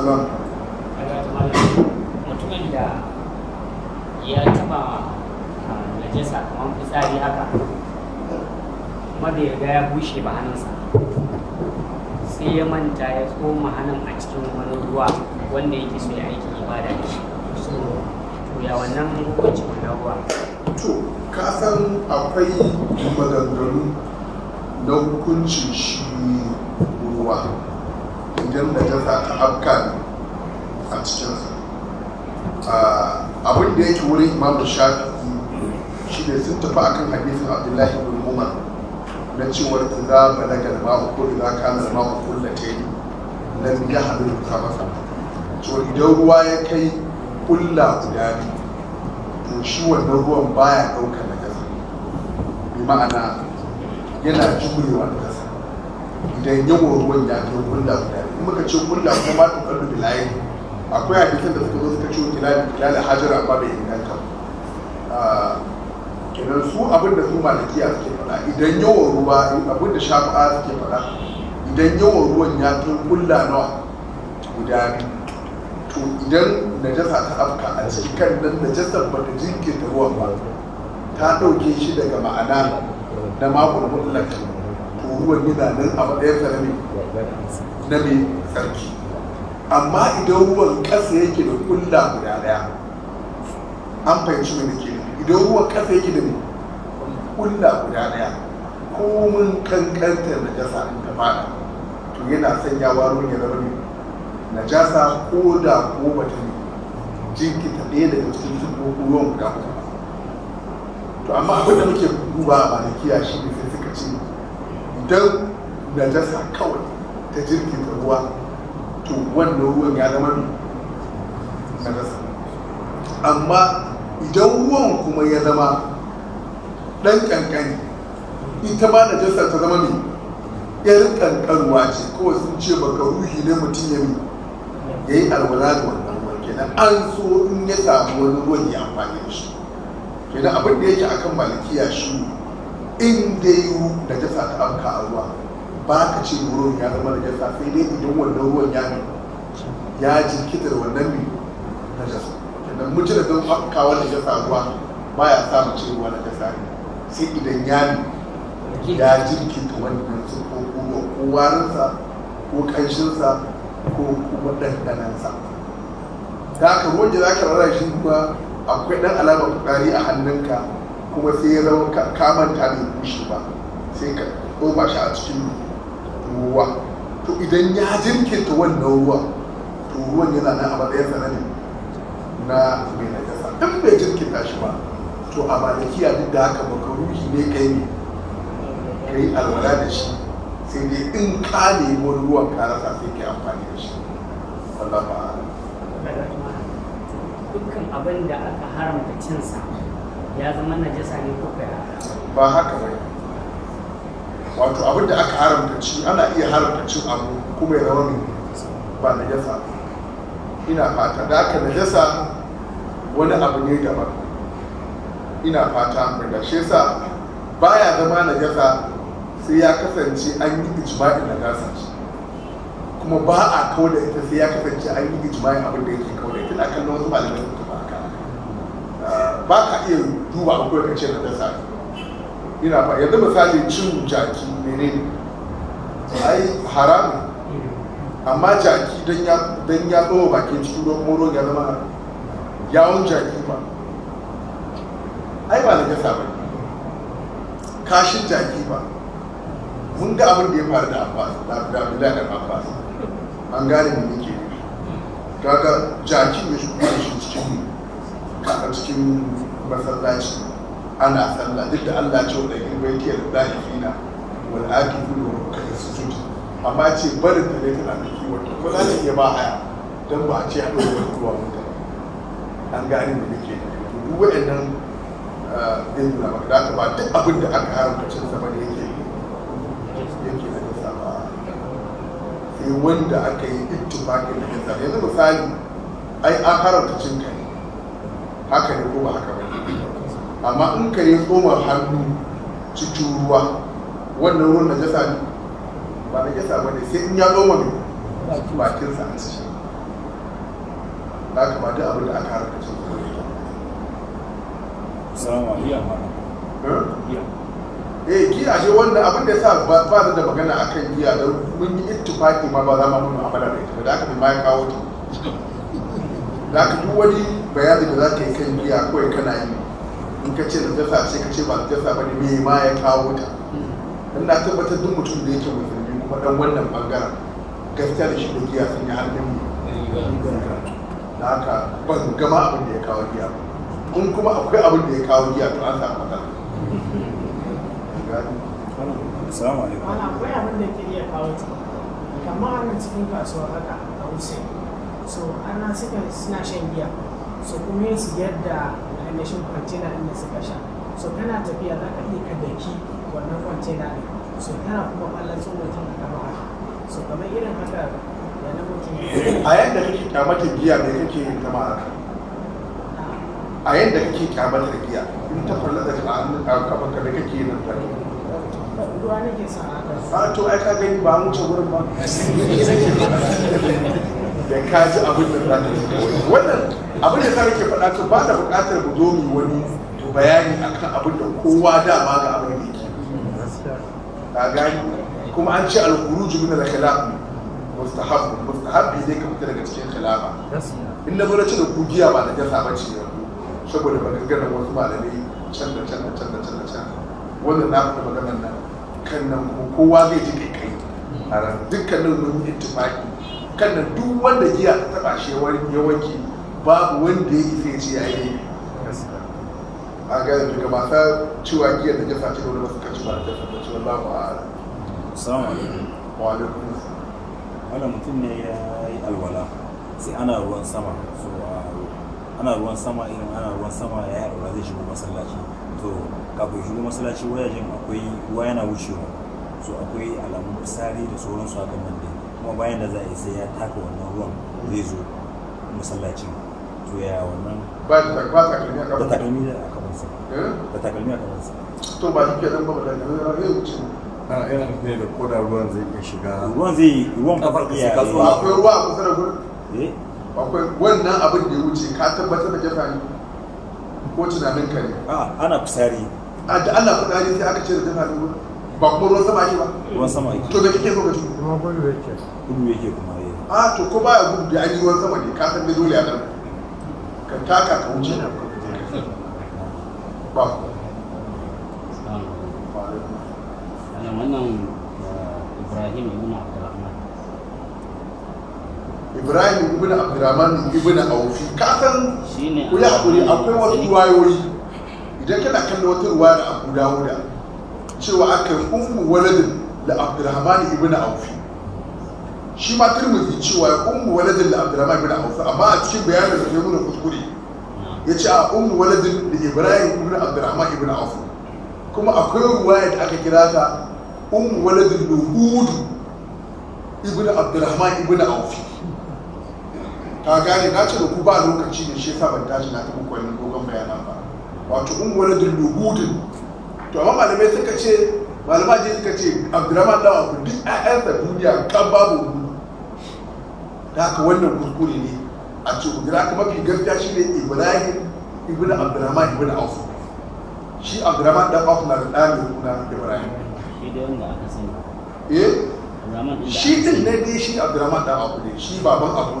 salam mutumin da ya taba najasa sakamakon fitsari haka kuma da ya ya bushe ba hannunsa sai ya manta ya tsoma hannun a cikin wani ruwa wanda yake so ya aiki ibada da shi to ya wannan hukuncin na ruwa to ka san akwai maganganu na hukuncin shi ruwa idan najasa ta afka a cikinsa abin da yake wurin imam shafi shi ne sun tafi akan hadisin abdullahi bin umar na cewar ta za ba na galma a kullu na kanar ma a yi na biya hannun ta masa to idan ruwa ya kai kulla guda to shi wannan ruwan baya ɗaukar na gasa bi ma'ana yana jumurwa da da yawan ruwan ya kai kulla guda in muka ce kulla kuma ma tun kallu layi, akwai hadisan da suka zo suka ce kilali kilali hajara amma bai inganta ah, kenan su abin da su malakiya suke faɗa idan yawan ruwa abin da shafa'a suke faɗa idan yawan ruwan ya kai kulla nawa guda biyu to idan najasa ta afka a cikin nan najasar ba ta jinkirta ruwan ba ta ɗauke shi daga ma'ana na makon mutlaka ruwan yana nan a matsayin sa na mai tsarki amma idan ruwan ƙasa yake da kulla guda ɗaya an fahimci mai nake idan ruwan ƙasa yake da kulla guda ɗaya komin kankantar jasa in ta fada to yana sanyawa ruwan ya zama jasa ko da ko bata ne jinkita ɗaya daga cikin sufofin ruwan guda ɗaya. to amma abin da muke duba a malakiya shi ne sai suka ce don najasa kawai ta jirgin ruwa to wannan ruwan ya zama najasa amma idan ruwan kuma ya zama ɗan ƙanƙani ita ma najasa ta zama ne, yar ƙanƙarwa ce kawai sun ce baka ruhi ne mutum ya mi ya yi alwala da wannan ruwan kenan an so in ya samu wani ruwan ya amfani da shi kenan abin da yake akan malikiya shi ne in da yiwu da jasa ta auka a ruwa ba ka ce wurin ya zama da jasa sai dai idan wannan ruwan ya ne ya jinkita da wannan mai na jasa kenan mutum da zan auka wani jasa ruwa ba ya sa mu ce ruwa na jasa ne sai idan ya ne ya jinkita wannan su ko kuma ko warinsa ko kanshinsa ko kuma ɗanɗanansa da haka ruwan da za ka rara shi kuma akwai ɗan alamar kwari a hannunka kuma sai ya zama kamanta bai bushe ba sai ka koma shi a cikin ruwa to idan ya jirkinta wannan ruwa to ruwan yana nan a matsayin sanani na mai najasa in bai jirkinta shi ba to a malikiya duk da haka baka ruhi ne kai ne yi alwala da shi sai dai in ka nemi ruwan ka rasa sai kai amfani da shi Allah ba dukkan abin da aka haramta cinsa ya zama najasa ne ko kai ba haka ba wato abin da aka haramta ci ana iya haramta cin abu kuma ya zama ba najasa ina fata da aka najasa wani abu ne daban ina fata mai gashe sa, yasa baya zama najasa sai ya kasance an yi ijma'in najasa shi kuma ba a kawo da ita sai ya kasance an yi ijma'in abin da yake kawo da ita na kallon wasu malamai ba ka iya duba a kuwa kace na dasa ina ba yadda misali cin jaki mene ai haramun amma jaki don ya don ya bakin cikin don moro ya zama yawon jaki ba ai ba na dasa ba kashin jaki ba mun ga abin da ya faru da abbas da abdullahi da abbas an gane mu nake kaga jakin ne shi cikin mu a cikin masallaci ana sallah duk da Allah ce wanda yin bai ke da fina wal akifu wa su sujud amma ce barin ta ne tana miki wata ko za ta iya ba haya dan ba a ce hado da ruwa mutane an gane me nake duk waɗannan din ah, da ba da ba duk abin da aka haramta cin sa bane yake yake da nasa ba sai wanda aka yi ittifaqin da nasa yanzu misali ai an haramta cin kai haka ne ko ba haka ba amma in ka yi tsomar hannu cikin ruwa wannan ruwan na jasa ne ba na jasa ba ne sai in ya tsoma ne bakinsa a ba. ya kamata abin da aka harka cikin ruwa ne salamu alaikum eh giya ce wanda abin da sa ba ba da magana akan giya da mun yi ittifaki ma ba za mu nuna abada da ita da aka bi ma ya kawo ta da aka duk wani bayani da za ka yi kan giya kawai kana yi in ka ce da dafa sai ka ce ba da dafa ba ne me ma ya kawo ta In na tabbatar duk mutum da yake musulmi kuma dan wannan bangaren gaskiya da shi da giya sun yi harbin mu da haka ban gama abin da ya kawo giya in kuma akwai abin da ya kawo giya to an samu matsala Assalamu alaikum. Ana akwai abin da ke iya kawo ta. Kamar cikin kasuwa haka a wuce so ana suka suna shan giya so kuma yin su yadda ainihin kwantena din da suka sha so kana tafiya za ka iya daki wannan kwantena ne so kana kuma sun tsohon a gaba so kamar irin haka da na mutum a yadda kake kyamata giya mai kake yin kama haka a yadda kake da giya in ta falla da ka'an kamar ka da kake yin nan ruwa nake sa'a ba to ai ka gani ba mu ce wurin ba da ka ji abin da za ka wannan abin da za ka faɗa to ba da buƙatar mu zo mu wani bayani akan abin da kowa dama ga abin da yake ka gani kuma an ce al-khuruj min al-khilaf mustahab mustahab ne ka fita daga cikin khilafa in na bar da ku giya ba da jasa ba ce yanzu saboda maganganar wasu malamai can da can da can da can da can wannan na fita maganar nan kan nan kowa zai ji kai kai a ran dukkanin mun ittifaqi kan nan duk wanda giya ta taba shi ya wanke babu wanda ya ife ce ya yi a gaya daga mata cewa giya da jafa ce wani masu kaci ba da jafa ce wani babu a ala salamu alaikum wa alaikum wanda mutum ne ya yi alwala sai ana ruwan sama so ana ruwan sama irin ana ruwan sama ya yi alwala zai shigo masallaci to kafin shigo masallaci wayajen akwai ruwa yana wucewa so akwai alamun fitsari da sauransu a kan nan kuma bayan da za a yi sai ya taka wannan ruwan zai zo masallacin to ya wannan ba kalmi a kafansa ba takalmi a kafansa eh? ba takalmi a kafansa to ba shi kenan ba da ya wuce yana ne da koda ruwan zai iya shiga ruwan zai ruwan kafar ka shiga zuwa akwai ruwa a kusa da gurin eh akwai wannan abin da ya wuce ka tabbatar da jafa ne ko tunanin ka ne a ana kusari a da ana fusari sai aka ce da jafa ne ba kuma ruwan sama ake ba ruwan sama ake to da kake so ka ci kuma gudu yake gudu yake kuma eh a to ko baya gudu da an yi ruwan sama ne ka san da dole a nan ka taka ka wuce ba wannan eh, ibrahim ibn abdurrahman ibrahim ibn abdurrahman ibn aufi kasan ku ya hakuri akwai wasu ruwayoyi idan kana kallon wata ruwa da abu dawuda cewa aka yi ummu waladin da abdurrahman ibn aufi shi ma turmuzi cewa ummu waladin da abdurrahman ibn aufi amma a cikin bayanin da zai muna kuskure ya ce a ummu waladin da ibrahim ibn abdurrahman ibn aufi kuma akwai ruwaya da aka kira ta ummu waladin da hudu ibn abdurrahman ibn aufi ta gane na ce da ku ba lokaci ne shi sa ban tashi na ta muku dogon bayanan ba wato ummu waladin da hudu to amma malamai suka ce malama suka ce abdurrahman duk ƴaƴansa duniya kan babu da haka wannan kuskure ne a ce ku haka gaskiya shi ne ibrahim ibn abdurrahman ibn auf shi abdurrahman dan auf na da mai ibrahim shi eh? din ne dai shi abdurrahman dan auf ne shi baban abu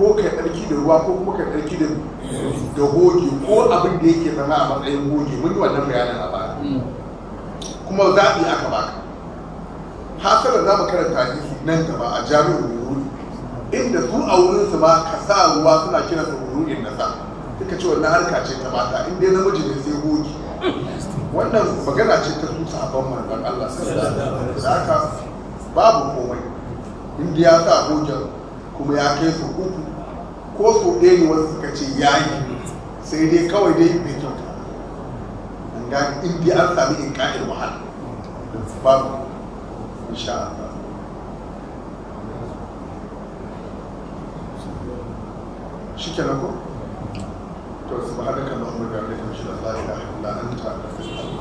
ko kai da ruwa ko kuma ka da da goge ko abin da yake zama a matsayin goge mun yi wannan bayanin a baya hmm. kuma zaɓi aka baka hasalar za mu karanta yi nan gaba a jami'ar wuri inda su a wurinsu ma ka sa ruwa suna kira su wurin nasa duka ce wannan harka ce ta mata in dai namiji ne sai goge wannan magana ce ta su sabon manzon Allah sallallahu alaihi wasallam babu komai inda ya sa gogen kuma ya kai su uku ko su ɗaya ne wasu suka ce ya yi sai dai kawai dai bai kyauta an gani in dai an sami in ƙa'ir wahala babu insha Allah shi kenan ko to subhanaka allahumma da bihamdika ya an da an ta anta astaghfiruka